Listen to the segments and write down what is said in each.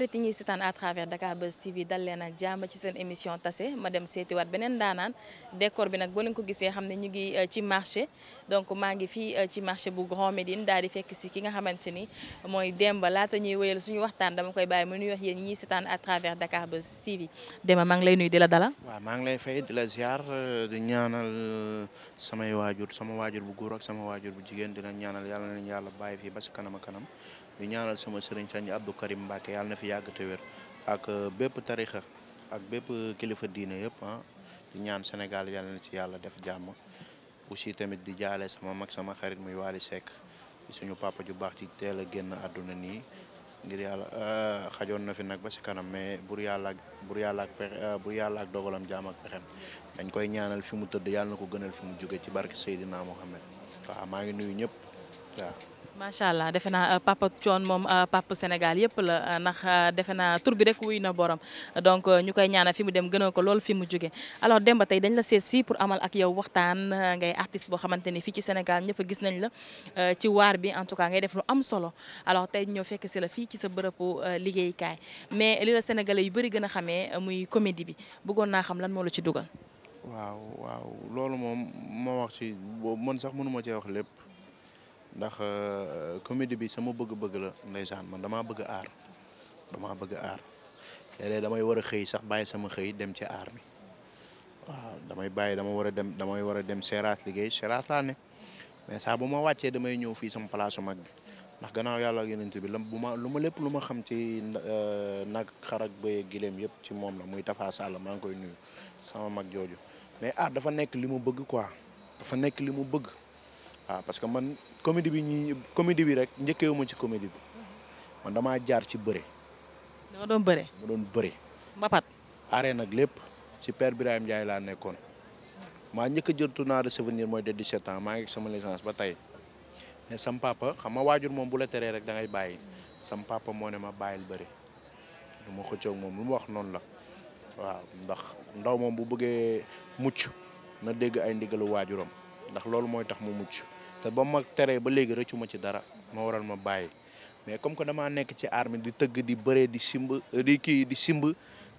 xarit yi ñuy seetaan à travers Dakar Buzz TV dal leen ak jàmm ci seen émission tase ma dem seetiwaat beneen daanaan décor bi nag boo leen ko gisee xam ne ñu ngi euh, ci marché donc maa ngi fii euh, ci marché bu Grand Médine daal di fekk si ki nga xamante ni mooy Demba laata ñuy wéyal suñu waxtaan dama koy bàyyi mu nuy wax yéen ñi ñuy seetaan à travers Dakar Buzz TV Demba maa ngi lay nuyu di la dalal. waaw maa ngi lay fay di la ziar euh, di ñaanal samay waajur sama waajur bu góor ak sama waajur bu jigéen di leen ñaanal yàlla na leen yàlla bàyyi fii ba si kanam a kanam. di ñaanal sama sëriñ sañ Abdou Karim Mbacke yàlla na fi yàgg te wér ak euh, bépp tarixa ak bépp kilifa diine yëpp ah di ñaan Sénégal yàlla na ci yàlla def jàmm aussi tamit di jaale sama mag sama xarit muy Waly Seck suñu papa ju baax ci teel a génn àdduna nii ngir yàlla euh, xajoon na fi nag ba si kanam mais bur yàlla ak bur yàlla ak pexe euh, bur yàlla ak dogalam jaam ak pexem dañ koy ñaanal fi mu tëdd yàlla na ko gënal fi mu jóge ci barke Seydina Mohamed waaw maa ngi nuyu ñëpp macha allah defe naa euh, papa Thione moom euh, papa Sénégal yëpp la euh, ndax defe naa tur bi rek wuy na borom donc ñu koy ñaanal fi mu dem gënoon ko lool fi mu jóge dem ba tey dañ la seet si pour amal ak yow waxtaan ngay artiste boo xamante ni fii ci Sénégal ñëpp gis nañ la ci waar bi en tout cas ngay def lu am solo alors tey ñoo fekk si la fii ci sa bërëbu liggéeykaay mais li la sénégalais yu bëri gën a xamee muy comédie bi bëggoon naa xam lan moo la ci dugal. waaw waaw loolu moom moo wax ci man sax mënuma cee lépp. ndax euh, comédie bi sama bëgg-bëgg la ndeysaan man damaa bëgg aar damaa bëgg aar léeg-léeg damay war a xëy sax bàyyi sama xëy dem ci aar bi waaw damay bàyyi dama war a dem damay war a dem seeraat liggéey seeraat laa ne mais saa bu ma wàccee damay ñëw fii sama place mag bi ndax gannaaw yàlla ak yeneen bi la bu ma lu ma lépp lu ma xam ci euh, nag xarak bëy gileem yëpp ci moom la muy Tafa Sall maa ngi koy nuyu sama mag jooju mais aar dafa nekk li mu bëgg quoi dafa nekk li mu bëgg. waaw ah, parce que man comédie bi ñuy comédie bi rek njëkkeewuma ci comédie bi man damaa jaar ci bëre. dama doon bëre. ma doon bëre. mbapat. aree nag lépp ci père Birahim Ndiaye laa nekkoon maa njëkk a jël tournoi souvenir mooy de 17 ans maa ngi sama licence ba tey ne sam papa xam ma waajur moom bu la teree rek da ngay bàyyi sam papa moo ne ma bàyyil bëre du ma xëccoog moom lu mu wax noonu la waaw ndax ndaw moom bu bëggee mucc na dégg ay ndigalu waajuram ndax loolu mooy tax mu mucc. te ba ma teree ba léegi rëccu ma ci dara moo waral ma bàyyi mais comme que damaa nekk ci armée di tëgg di bëree di simb di kii di simb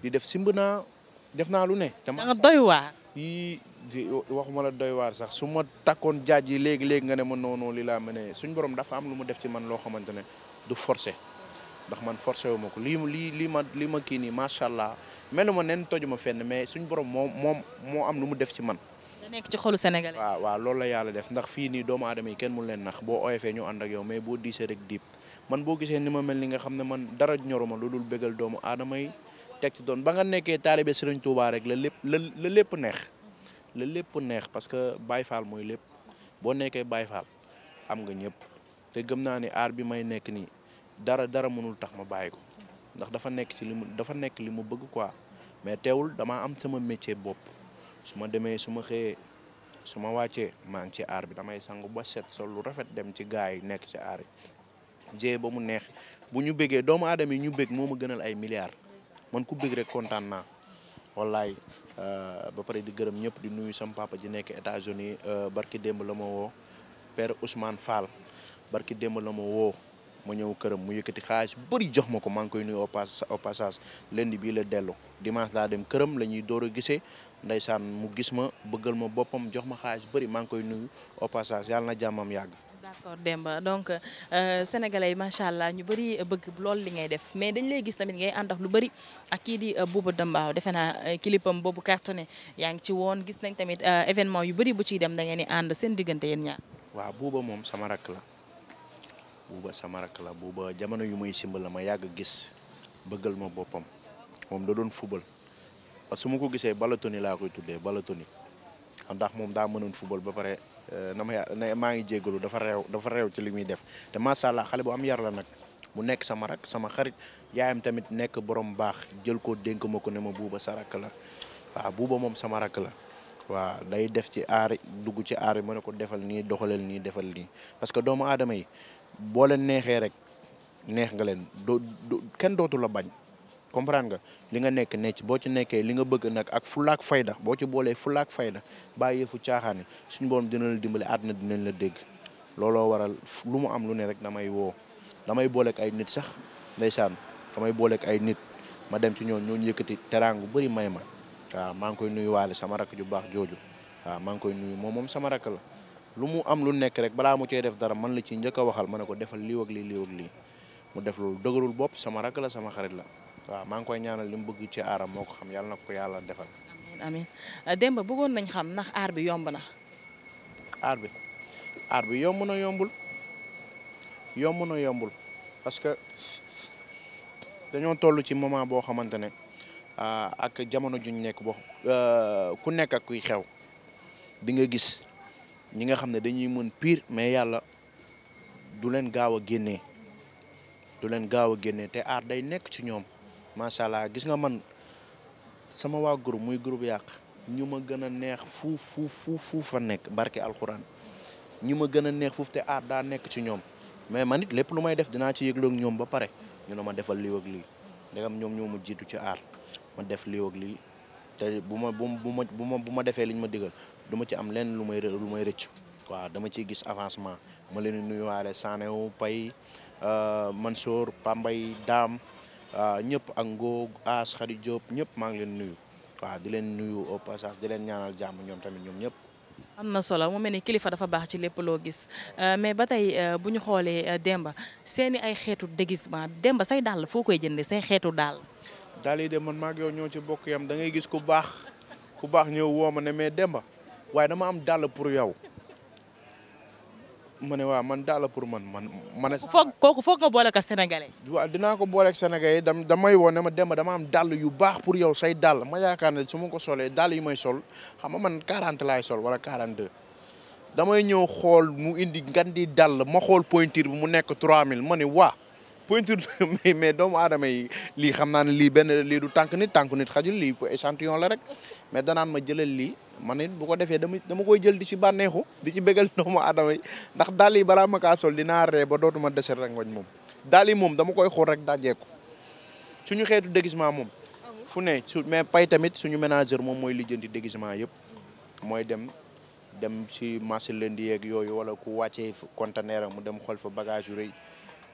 di def simb naa def naa lu ne. dama nga doy waar. yii waxuma la doy waar sax su ma takkoon jaaj yi léegi léegi nga ne ma noonu li laa mënee suñ borom dafa am lu mu def ci man loo xamante ne du forcé ndax man forcé wu ma ko lii lii lii ma lii ma kii nii macha allah melu ma nen toju ma fenn mais suñ borom moom moom moo am lu mu def ci man. da ci xolu sénégalais. waaw waaw la yàlla def ndax fii nii doomu aadama yi kenn mu leen nax boo oyofee ñu ànd ak yow mais rek diib man boo gisee ni ma mel ni nga xam ne man dara ñoruma lu dul bégal doomu aadama yi teg ci doon ba nga nekkee taalibe Sëriñ Tuubaa rek la lépp la la lépp neex la lépp neex parce que Baye Fall mooy lépp boo nekkee Baye Fall am nga ñëpp te gëm naa ni aar bi may nekk nii dara dara mënul tax ma bàyyi ko ndax dafa nekk ci li mu dafa nekk li mu bëgg quoi mais teewul damaa am sama métier bopp. su ma demee su ma xëyee su ma wàccee maa ci aar bi damay sangu ba set sol lu rafet dem ci gaa yi nekk ci aar yi jee ba mu neex bu ñu bëggee doomu aadama yi ñu bëgg moo ma gënal ay milliards man ku bëgg rek kontaan naa wallaay euh, ba pare di gërëm ñëpp di nuyu sam ji nekk États-Unis euh, barki démb la ma woo père Ousmane Fall barki démb la ma woo ma ñëw këram mu yëkkati xaalis bu bëri jox ma ko maa ngi koy nuyu au passage lundi bii la dellu dimanche laa dem këram la ñuy door a gisee ndaysaan mu gis ma bëggal ma boppam jox ma xaalis bari maa ngi koy nuyu au passage yàlla na jàmmam yàgg. d'accord Demba donc euh, sénégalais yi macha allah ñu bëri bëgg lool li ngay def mais dañ lay gis tamit ngay ànd lu bëri ak kii di euh, Bouba Dambaaw defe naa euh, clipam boobu cartonné yaa ngi ci woon gis nañ tamit événement yu bëri bu ciy dem da ngeen di ànd seen diggante yéen ñaar. waaw Bouba moom sama rakk la. buuba sama rakk la buuba jamono yu muy simbal la ma yàgg gis bëggal ma boppam moom da doon fubal parce que su ma ko gisee Balatoni laa koy tuddee Balatoni ndax moom daa mënoon fubal ba pare eh, na ma ya maa ngi jégalu dafa reew dafa reew ci li muy def te macha allah xale bu am yar la nag mu nekk sama rak sama xarit yaayam tamit nekk borom baax jël ko dénk ma ko ne ma buuba sa rakk la waaw buuba moom sama rakk la waaw day def ci aar dugg ci aar yi ma ne ko defal nii do nii boo leen neexee rek neex nga leen doo kenn dootu la bañ comprendre nga li nga nekk nekk boo ci nekkee li nga bëgg nag ak fulaak fayda boo ci boolee fulaak fayda bàyyi yëfu caaxaane suñu borom dina la dimbale àdduna dinañ la dégg looloo waral lu mu am lu ne rek damay woo damay booleeg ay nit sax ndeysaan damay booleek ay nit ma dem ci ñoon ñooñu yëkkati teraangu bëri may ma waaw maa ngi koy nuyu waale sama rakk ju baax jooju waaw maa ngi koy nuyu moom moom sama rakk la lu mu am lu nekk rek balaa mu cey def dara man la ci njëkk a waxal ma ne ko defal lii ak lii lii ak mu def loolu dëgërul bopp sama rakk sama xarit la waaw maa ngi koy ñaanal li mu bëgg ci aaram moo ko xam yàlla na ko yàlla defal. amiin amiin euh, Demba bëggoon nañ xam nax aar bi yomb na. aar bi aar bi yomb na yombul yomb na yombul parce que dañoo toll ci moment boo xamante ne euh, ak jamono juñ nekk boo euh, ku nekk kuy xew di nga gis. ñi nga xam ne dañuy mën piir mais yàlla du leen gaaw a génnee du leen gaaw a génnee te aar day nekk ci ñoom macha allah gis nga man sama waa groupe muy groupe yàq ñu ma gën a neex fuuf fuuf fuuf fuuf nekk barke alxuraan ñu ma gën a neex fuuf te aar daa nekk ci ñoom mais man it lépp lu may def dinaa ci yëgloog ñoom ba pare ñu ne ma defal lii ak lii ndegam ñoom ñoo ma jiitu ci aar ma def lii lii bu ma bu ma bu ma bu ma defee li ma digal du ci am leen lu may lu may rëcc waaw dama ciy gis avancement ma leen nuyu di nuyuwaale Sanew Pay euh, Mansour Pambay Daam ñëpp ak Ngo As Khady Diop ñëpp maa ngi leen nuyu waaw di leen nuyu au passage di leen ñaanal jàmm ñoom tamit ñoom ñëpp. am na solo mu mel ni kilifa dafa baax ci lépp loo gis euh, mais ba tey euh, bu ñu xoolee Demba seeni ay xeetu déguisement Demba say dàll foo koy jëndee say xeetu daal daal yi de man maag yow ñoo ci bokk yam da ngay gis ku baax ku baax ñëw woo ma ne mais Demba waaye dama am dàll pour yow ma ne waaw man dàll pour man man ma ne. foog kooku foog nga boole ko sénégalais. waaw ko booleeg sénégalais dam damay woo ne ma Demba dama am dàll yu baax pour yow say dàll ma yaakaar ne su ma ko solee dàll yi may sol xam nga man 40 laay sol wala 42. damay ñëw xool mu indi ngan di dàll ma xool pointure bi mu nekk mille ma ne waa. pointure mais mais doomu aadama yi lii xam naa ne lii benn lii du tànk nit tànk nit xajul lii échantillon la rek mais danaan ma jëleel lii man it bu ko defee dama dama koy jël di ci bànneexu di ci bégal doomu aadama yi ndax daal yi balaa ma kaa sol dinaa ree ba dootuma deser rek wañ moom daal yi moom dama koy xool rek dajeeku suñu xeetu déguisement moom fu ne su mais pay tamit suñu ménageur moom mooy lijjanti déguisement yëpp mooy dem dem ci marché lundi yeeg yooyu wala ku wàccee conteneur mu dem xool fa bagage yu rëy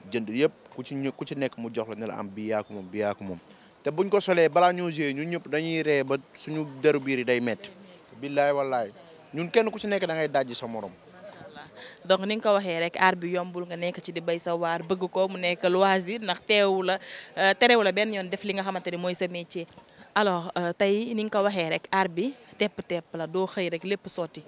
jënd yëpp ku ci ku ci nekk mu jox la ne am bi yaa moom bi yaa moom te buñ ko solee balaa ñoo jouer ñun ñëpp dañuy ree ba suñu deru biir yi day metti billaay wallaay ñun kenn ku ci nekk da ngay dajji sa morom donc ni nga ko waxee rek aar bi yombul nga nekk ci di bay sa waar bëgg ko mu nekk loisir teewu la euh, terewu la benn yoon def li nga xamante ni mooy sa métier. alors euh, tey ni nga ko waxee rek aar bi tepp tepp la doo xëy rek lépp sotti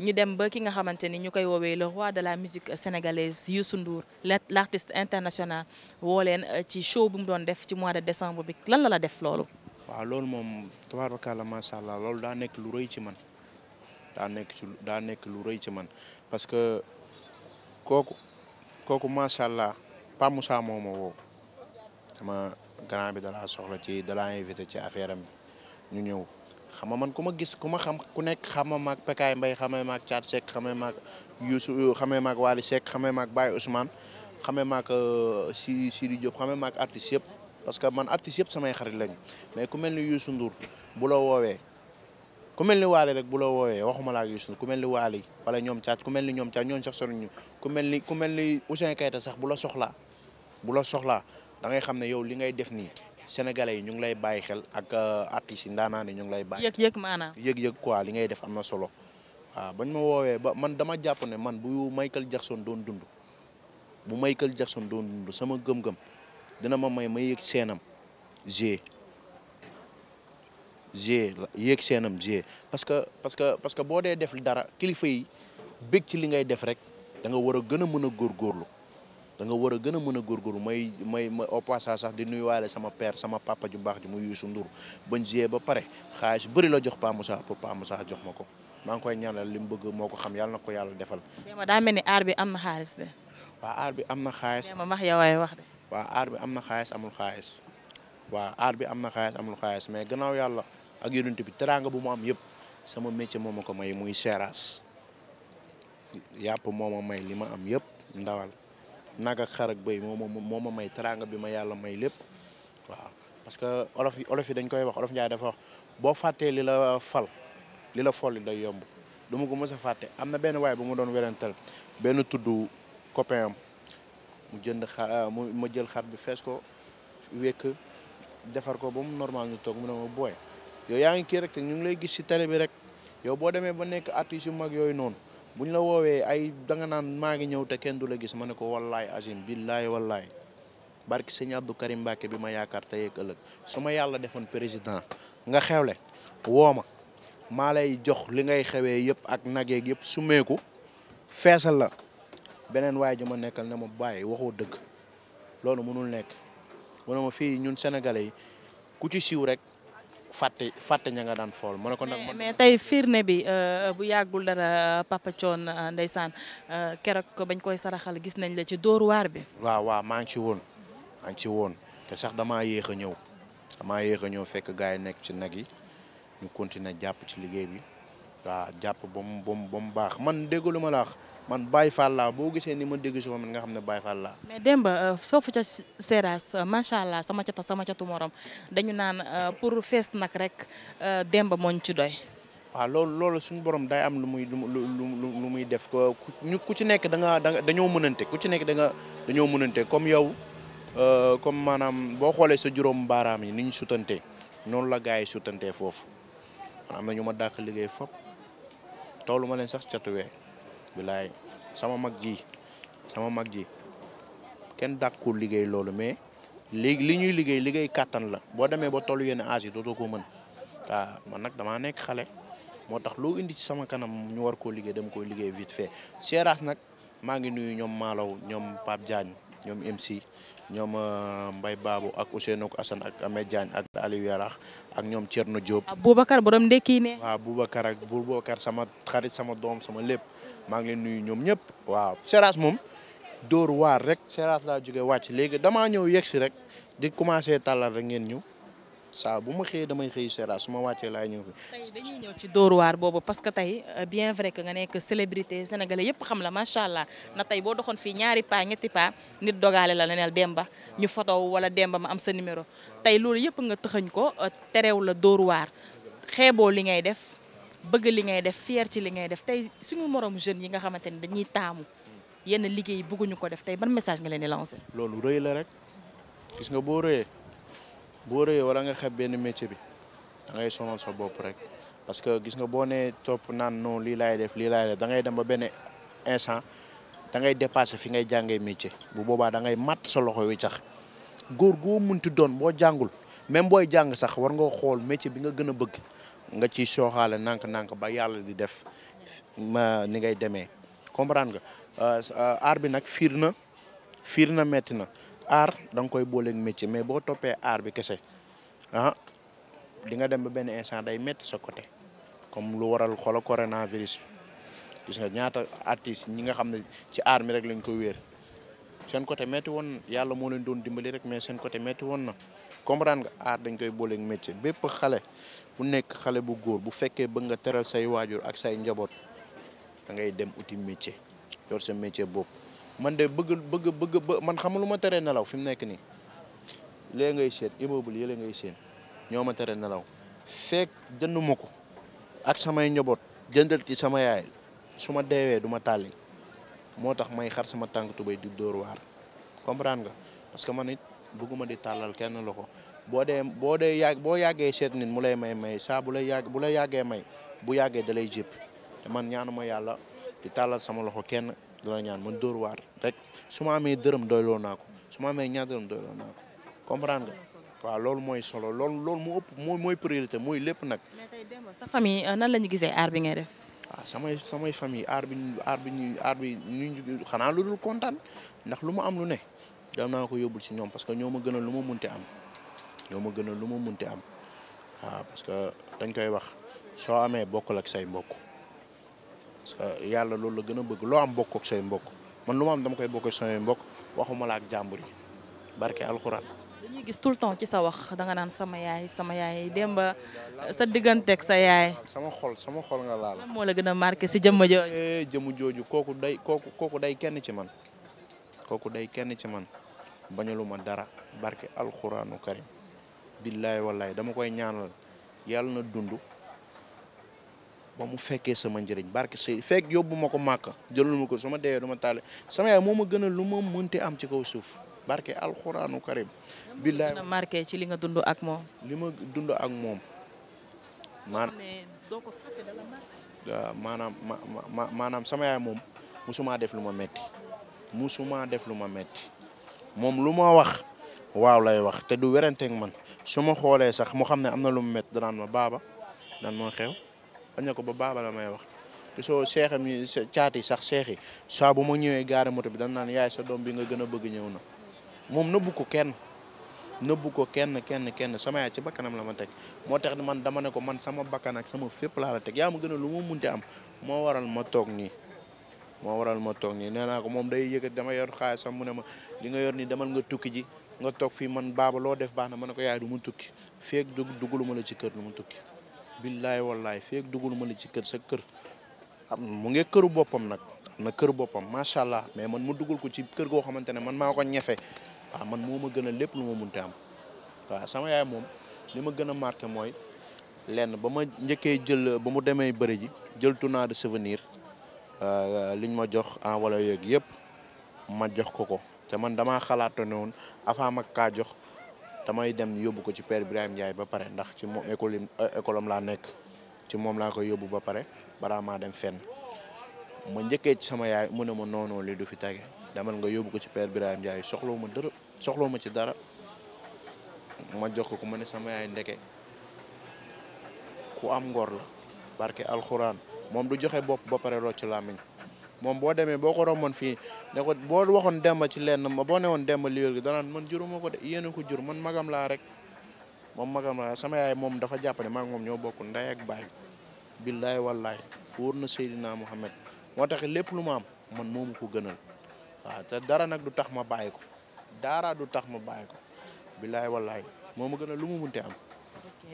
ñu dem ba ki nga xamante ni ñu koy woowee le roi de la musique sénégalaise Youssou Ndour l' artiste international woo leen euh, ci show bu mu doon def ci mois de décembre bi lan la la def loolu. waaw loolu moom tabaarakalla macha allah loolu daa nekk lu rëy ci man daa nekk ci daa nekk lu rëy ci man parce que kooku kooku macha allah Pa Moussa moo ma woo dama bi dala soxla ci dalaa invité ci affaire am ñu ñëw. xam nga man ku ma gis ku ma xam ku nekk xam ma maag Pekaay Mbaye xamee maag sekk Seck xamee maag Youssou xamee maag Waly Seck xamee maag Baye Ousmane xamee maag euh, si Sidi Diop xamee maag artistes yëpp parce que man artistes yëpp samay xarit lañ mais ku mel ni Youssou Ndour bu la woowee ku mel ni Waly rek bu la woowee waxuma laa ak Youssou ku mel ni Waly wala ñoom Thiat ku mel ni ñoom Thiat ñoom sax sonuñu ku mel ni ku mel ni Ouzin Keita sax bu la soxlaa bu la soxlaa da ngay xam ne yow li ngay def nii sénégalais yi ñu ngi lay bàyyi xel ak euh, artistes yi ndaanaan yi ñu ngi lay bàyyi. yëg-yëg maanaam li ngay def am na solo waaw bañ ma woowee ba man dama jàpp ne man bu Michael Jackson doon dund bu Michael Jackson doon dund sama gëm-gëm dina ma may ma yëg seenam G G yéeg seenam G parce que parce que parce que boo dee def dara kilifa yi bëgg ci li ngay def rek da nga war a gën a mën a góorgóorlu. da war a gën a mën a góorgóorlu may may ma au passage sax di nuyuwaale sama père sama papa ju baax ji muy Youssou Ndour bañ jiyee ba pare xaalis bari la jox Pa Moussa pour Pa Moussa jox ma ko maa ngi koy ñaanal li mu bëgg moo ko xam yàlla na ko yàlla defal. daa mel ni aar bi am na xaalis de. waaw bi am na xaalis. ma max yow wax de. waaw bi am na xaalis amul xaalis. waaw aar bi am na xaalis amul xaalis mais gannaaw yàlla ak yonent bi teraanga bu mu am yëpp sama métier moom ma ko may muy seeraas yàpp moo ma may li ma am yëpp ndawal nag ak xar ak bëy moo ma moo ma may teraanga bi ma yàlla may lépp waaw parce que olof yi olof dañ koy wax olof Njaay dafa boo fàttee li la fal li la fol folli day yomb du ma ko mës a fàtte am na benn waay bu ma doon werantal benn tudd copain am mu jënd xar ah, mu ma jël xar bi fees ko wekk defar ko ba mu normal ñu toog mu ne ma booy yow yaa ngi kii rek te ñu ngi lay gis ci tele bi rek yow boo demee ba nekk artiste yu mag yooyu noonu bu ñu la woowee ay danga naan maa ngi ñëw te kenn du la gis ma ne ko wallaay azim billaay wallaay barki sëñ Abdou Karim Mbacke bi ma yaakaar tey ak ëllëg su ma yàlla defoon président nga xewle woo ma maa lay jox li ngay xewee yëpp ak nageeg yëpp summeeku feesal la beneen waay ji ma nekkal ne ma bàyyi waxoo dëgg loolu mënul nekk mu ne ma fii ñun sénégalais yi ku ci siiw rek fàtte fàtte ña nga daan fool ma na ko nag. mais tey firnde bi euh, euh, bu yàggul dara euh, Papa Thione ndeysaan keroog bañ koy saraxal gis nañ la ci dóor waar bi. waaw waaw maa ngi ci woon maa ngi ci woon te sax damaa yéex a ñëw damaa yéex a ñëw fekk gars yi nekk ci nag yi ñu continuer jàpp ci liggéey bi waaw jàpp ba mu ba mu baax man déggu lu ma laax man Baye Fall boo gisee ni ma dégg si moom nga xam ne Baye Fall mais Demba euh, soofu ca Seras euh, macha allah sama cata sama catu morom dañu naan euh, pour fees nag rek Demba moo ñu ci doy. waaw loolu loolu suñu borom day am lu muy lu lu lu muy def ko ku ci nekk da nga da dañoo mënante ku ci nekk danga nga dañoo mënante comme yow comme maanaam boo xoolee sa juróom baaraam yi ni ñu sutante noonu la gars yi sutante foofu man am na ñu ma dàq liggéey fop toolu ma leen sax catuwee bilaay sama mag ji sama mag ji kenn dàqul liggéey loolu mais léegi li ñuy liggéey liggéey kàttan la boo demee ba tollu yenn âge yi dootoo ko mën waaw man nag damaa nekk xale moo tax loo indi ci sama kanam ñu war koo liggéey dama koy liggéey vite fait Seras nag maa ngi nuyu ñoom Malaw ñoom Pape Diagne ñoom MC ñoom euh, Mbaye Babou ak Ousseynou Assane ak Amé Diagne ak Aliou Yarax ak ñoom Thierno Diop. Boubacar borom ndekki ne. waaw Boubacar ak Boubacar sama xarit sama doom sama lépp. maa ngi leen nuyu ñoom ñëpp waaw Seras moom dóor waar rek Seras laa jóge wàcc léegi damaa ñëw yegg si rek di commencé tàllal rek ngeen ñëw saa bu ma xëyee damay xëy Seras su ma wàccee laay ñëw. tey dañuy ñëw ci dóor waar boobu parce que tey euh, bien vrai que nga nekk célébrité sénégalais yëpp xam la macha allah na tey boo doxoon fii ñaari pas ñetti pas nit dogale la neneel Demba ñu foto wala Demba ma am sa numéro tey loolu yëpp nga tëxañ ko euh, terew la dóor waar xeeboo li ngay bëgg li ngay def fier ci li ngay def tey suñu moroom jeunes yi nga xamante ne dañuy taamu yenn liggéey bëgguñu ko def tey ban message nga leen di loolu rëy la rek gis nga boo rëyee boo rëyee wala nga xeb benn métier bi da sa bopp rek parce que gis nga boo nee topp naan non lii laay def lii laay def dem ba benn instant da ngay dépassé fi ngay jàngee métier bu boobaa da ngay matt sa loxo wi tax góor goo mënti doon boo jàngul même booy jàng sax war nga xool métier bi nga gën a bëgg. nga ci sooxaale nànk-nànk ba yàlla di def ma ni ngay demee comprendre nga euh, aar bi nag fiir na fiir na metti na aar da koy booleeg métier mais boo toppee aar bi kese ah di nga dem ba benn instant day metti sa côté comme lu waral xolo coronavirus gis nga ñaata artiste ñi nga xam ne ci aar mi rek lañ ko wéer seen côté métti yàlla moo leen doon dimbali rek mais seen côté métti na comprendre nga dañ koy booleeg métier bépp xale bu nekk xale bu góor bu fekkee bëgg nga teral say waajur ak say njaboot da ngay dem uti métier yor sa métier bopp man de bëgg bëgg bëgg man xam lu ma teree nelaw fi mu nekk nii lee ngay seen immeuble yële ngay seen ñoo ma tere nelaw fekk jënduma ko ak samay njaboot jëndal ci sama yaay su ma deewee du ma tàlli moo tax may xar sama tànk tubéy di dóor waar comprendre nga parce que man it bëgguma di tàllal kenn loxo boo dee boo dee yàgg boo yàggee seet nit mu lay may may saa bu lay yàgg bu lay yàggee may bu yàggee dalay jëpp te man ñaanuma yàlla di tàllal sama loxo kenn dala ñaan man dóor waar rek su ma amee dërëm doyloo naa ko su ma amee ñaar dërëm doyloo naa ko comprendre nga waaw loolu mooy solo lool loolu moo ëpp mooy mooy priorité mooy lépp nag. mais tey démb sa famille euh, la ñu gisee aar bi ngay def. waaw samay samay famille aar bi aar bi ñuy aar bi ñu xanaa lu dul kontaan ndax lu ma am lu ne dem naa ko yóbbul si ñoom parce que ñoo ma gënal lu ma munti am. ñoo ma gën a lu ma munti am waaw parce que dañ koy wax soo amee bokkul ak say mbokk yàlla loolu la gën a bëgg loo am bokk say mbokk man lu ma am dama koy bokk ak mbokk waxuma la ak jàmbur yi barke alxuraan. dañuy gis ci sa wax danga naan sama yaay sama yaay Demba sa digganteeg sa yaay. sama xol sama xol nga laal. lan moo marqué si jëmm jooju. Eh, jëmm jooju kooku day kooku kooku day kenn ci man kooku day kenn ci man bañalu ma dara barke alxuraanu karim. billaay wallaay dama koy ñaanal yàlla na dund ba mu fekkee sama njëriñ barke sëy fekk yóbbu ma ko màkk jëlul ma ko sama deewee dama taale sama yaay moo gën a lu ma mënti am ci kaw suuf barke alxuraanu karim billaay na marqué ci li nga dund ak moom li ma dund ak moom maan ko maanaam ma maanaam sama yaay moom musuma def lu ma metti musuma def lu ma metti moom lu ma wax waaw lay wax te du werenteeg man su ma xoolee sax moo xam ne am na lu mu métti danaan ma baaba daan moo xew bañ na ko ba baaba la may wax soo seexam yi caat sax seex saa bu ma ñëwee gaare moto bi dan naan yaay sa doom bi nga gën a bëgg ñëw na moom nëbbu ko kenn nëbbu ko kenn kenn kenn sama ci bakkanam la ma teg moo tax ni man dama ne ko man sama bakkan ak sama fépp laa la teg yaa ma gën a lu ma munti am moo waral ma toog nii moo waral ma toog nii nee naa ko moom day yëkkati dama yor xaalisam mu ne ma li nga yor nii demal nga tukki ji nga toog fii man baaba loo def baax na man ne ko yaay du mu tukki feeg dug dugaluma la ci kër lu mu tukki billaay wallaay feeg dugaluma la ci kër sa kër am mu ngi këru boppam nag am na kër boppam macha allah mais man mu dugal ko ci kër goo xamante ne man maa ko ñefe waaw man moo ma gën a lépp lu ma munte am waaw sama yaay moom li ma gën a marqué mooy lenn ba ma njëkkee jël ba mu demee bëri ji jël tournoi de souvenir euh, liñ ma jox wala yeeg yëpp ma jox ko ko te man damaa xalaatoon ne woon avant mag kaa jox damay dem yóbbu ko ci père Ibrahima njaay ba pare ndax ci moom école euh, école laa nekk ci moom laa koy yóbbu ba pare balaa maa dem fenn ma njëkkee ci sama yaay mu ne ma noonoo du fi tege demal nga yóbbu ko ci père Ibrahima Ndiaye soxla ma dara soxloo ma ci dara ma jox ko ku ma ne sama yaay ndeke ku am ngor la barke alxuraan moom du joxe bopp ba pare rocc làmmiñ moom boo demee boo ko romboon fii ne ko boo waxoon demba ci lenn ma boo newoon demba liwér gi danaan man juruma ko de yéena ko jur man magam laa rek moom magam laa sama yaay moom dafa jàpp ne maa ngi moom ñoo bokk nday ak baay billaay wallaay wóor na Seydina Mohamed moo tax lépp lu ma am man moomu ko gënal waa te dara nag du tax ma bàyyi ko daara du tax ma bàyyi ko billaay wallaay moo ma gënal lu mu munte am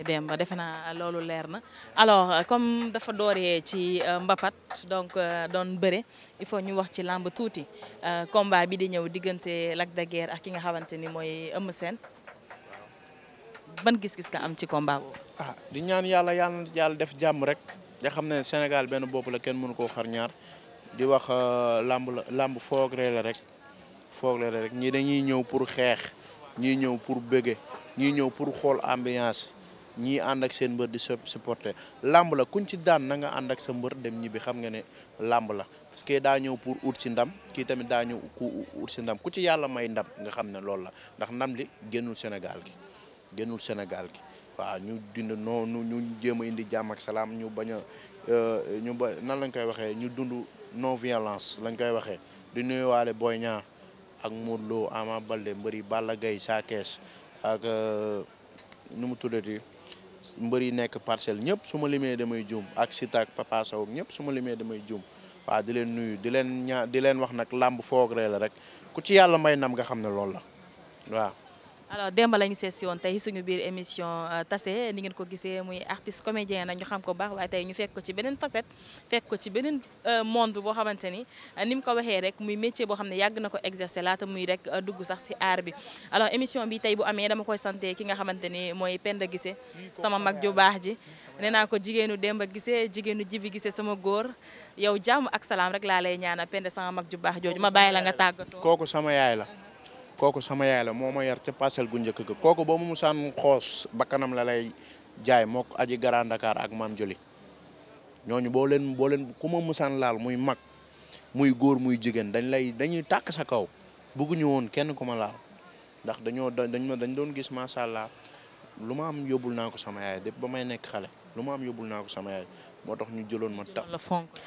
dem ba defe naa loolu leer na alors euh, comme dafa dooree ci euh, mbapat donc euh, doon bëre il faut ñu wax ci làmb tuuti combat bi di ñëw diggante Lac de ak ki nga xamante ni mooy Eumeu Sène ban gis-gis nga am ci combat boobu. ah di ñaan yàlla yàlla yàlla def jàmm rek de xam ne Sénégal benn bopp la kenn mënu koo xar di wax làmb la làmb foogre la rek ñii dañuy ñëw pour xeex ñii ñëw pour bëgge ñii ñëw pour xool ambiance. ñii ànd ak seen mbër di supporter làmb la kuñ ci daan na nga ànd ak sa mbër dem ñibbi xam nga ne làmb la parce que daa ñëw pour ut ci ndam kii tamit daa ñëw ku ut ci ndam ku ci yàlla may ndam nga xam ne loolu la ndax ndam li génnul Sénégal gi génnul Sénégal gi waaw ñu dund noo ñu jéem a indi jàmm ak salaam ñu bañ a euh, ñu ba nan lañ koy waxee ñu dund non violence lañ koy waxee di nuyuwaale booy Niang ak Modou Lo Ama Baldé mbëri Balla Gaye Sa Thiès ak euh, nu mu tuddati mbër yi nekk parcelle ñëpp su ma limee damay juum ak Siteu ak Papa ñëpp su ma limee damay juum waaw di leen nuyu di leen ñaa di leen wax nag làmb foogree la rek ku ci yàlla may nam nga xam ne loolu la waaw alors Demba lañu sees si woon tey suñu biir émission euh, Tassé ni ngeen ko gisee muy artiste comédien na ñu xam ko baax waaye tey ñu fekk ko ci beneen facette fekk ko ci beneen euh, monde boo xamante ni euh, ni mu ko waxee rek muy métier boo xam ne yàgg na ko exercer laata muy rek dugg sax si aar bi alors émission bi tey bu amee dama koy sante ki nga xamante ni mooy Penda gise sama mag ju baax ji nee naa ko jigéenu Demba Guissé jigéenu Jibi Guissé sama góor yow jàmm ak salaam rek laa lay ñaanal Penda sama mag ju baax jooju ma bàyyi la nga tàggatoo kooku sama yaay la kooku sama yaay la moo ma yar ca parcelle gu njëkk ga kooku ba mu musaan xoos bakkanam la lay jaay moo aji Grand Dakar ak maam Joli ñooñu boo leen boo leen ku ma musaan laal muy mag muy góor muy jigéen dañ lay dañuy tàkk sa kaw bëgguñu woon kenn ku ma laal ndax dañoo dañ ma dañ doon gis macha allah lu ma am yóbbul naa ko sama yaay dépp ba may nekk xale lu ma am yóbbul naa ko sama yaay moo tax ñu jëloon ma. ta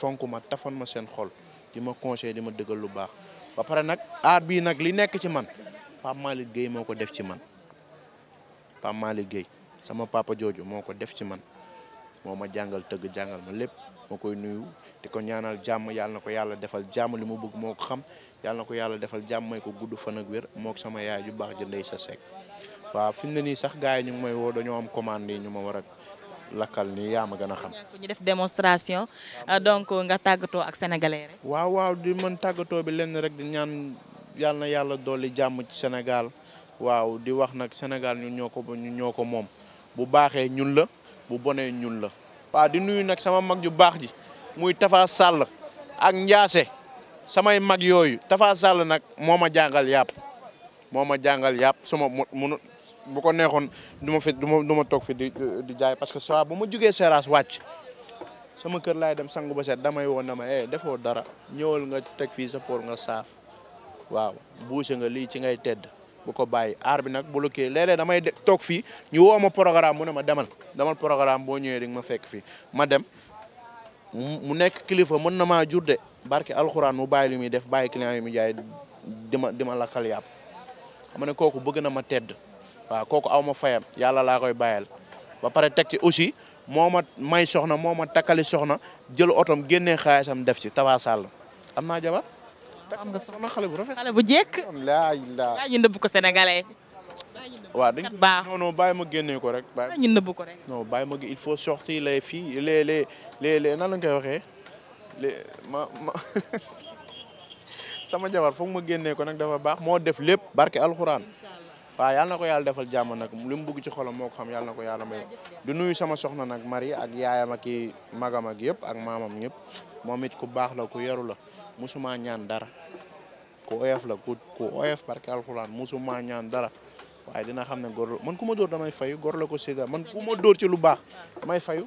fonk ma tafoon ma seen xol di ma conseillé di ma dëggal lu baax. apare nag aar bii nag li nekk ci man Pape Malick Gueye moo ko def ci man Pape Malick Gueye sama papa jooju moo ko def ci man moo ma jàngal tëgg jàngal ma lépp moo koy nuyu di ko ñaanal jàmm yàlla na ko yàlla defal jàmm li mu bëgg moo ko xam yàlla na ko yàlla defal jàmm may ko gudd fan ak wér moo sama yaay ju baax jëndee sa sec waaw fi mu ne nii sax gaa yi ñu ngi may woo dañoo am commande yi ñu ma war lakkal nii yaa ma gën a xam. ñu def démonstration euh, donc nga tàggatoo ak sénégalais waaw waaw di man tàggatoo bi lenn rek di ñaan yal na yàlla dolli jàmm ci Sénégal waaw di wax nag Sénégal ñu ñoo ko ñun ñoo ko moom bu baaxee ñun la bu bonee ñun la. waaw di nuyu nag sama mag ju baax ji muy Tafa Sall ak Ndiasse samay mag yooyu Tafa Sall nag moo ma jàngal yàpp moo bu ko neexoon du ma fi du ma du ma toog fi di di jaay parce que saa bu ma jugee Seras wàcc sama kër laay dem sangu ba set damay woon na ma eh, defoo dara ñëwal nga teg fii sa poor nga saaf waaw boucher nga lii ci ngay tedd bu ko bàyyi aar bi nag bu bloqué léeg-léeg damay toog fii ñu woo ma programme mu ne ma demal demal programme boo ñëwee di ma fekk fii ma dem mu nekk kilifa mën na maa jur de barke alxuraan wu bàyyi lu muy def bàyyi client yi mu jaay di ma lakkal yàpp xam ne kooku bëgg na ma tedd. waaw kooku aw ma fayam yàlla laa koy bàyyal ba pare teg ci aussi moom ma may soxna moo ma takkali soxna jël otom génnee xaalisam def ci Taba am naa jabar. am nga soxna xale bu rafet bu jekk. alhamdulilah ko sénégalais. waaw dañ non non bàyyi ma génnee ko rek. bàyyi ko rek. non bàyyi ma il faut sortir les filles les les les nan la koy waxee les ma ma sama jabar foog ma génnee ko nag dafa baax moo def lépp barke alxuraan. waaw yàlla na ko yàlla defal jàmm nag li mu bugg ci xolam moo ko xam yàlla na ko yàlla may du nuyu sama soxna nag Marie ak yaayam ak i magam ak yëpp ak maamam ñëpp moom it ku baax la ku yaru la musuma ñaan dara ku oyof la ku ku oyof barke alxuraan musuma ñaan dara waaye dina xam ne góor man ku ma dóor damay fayu góor la ko sédda man ku ma dóor ci lu baax may fayu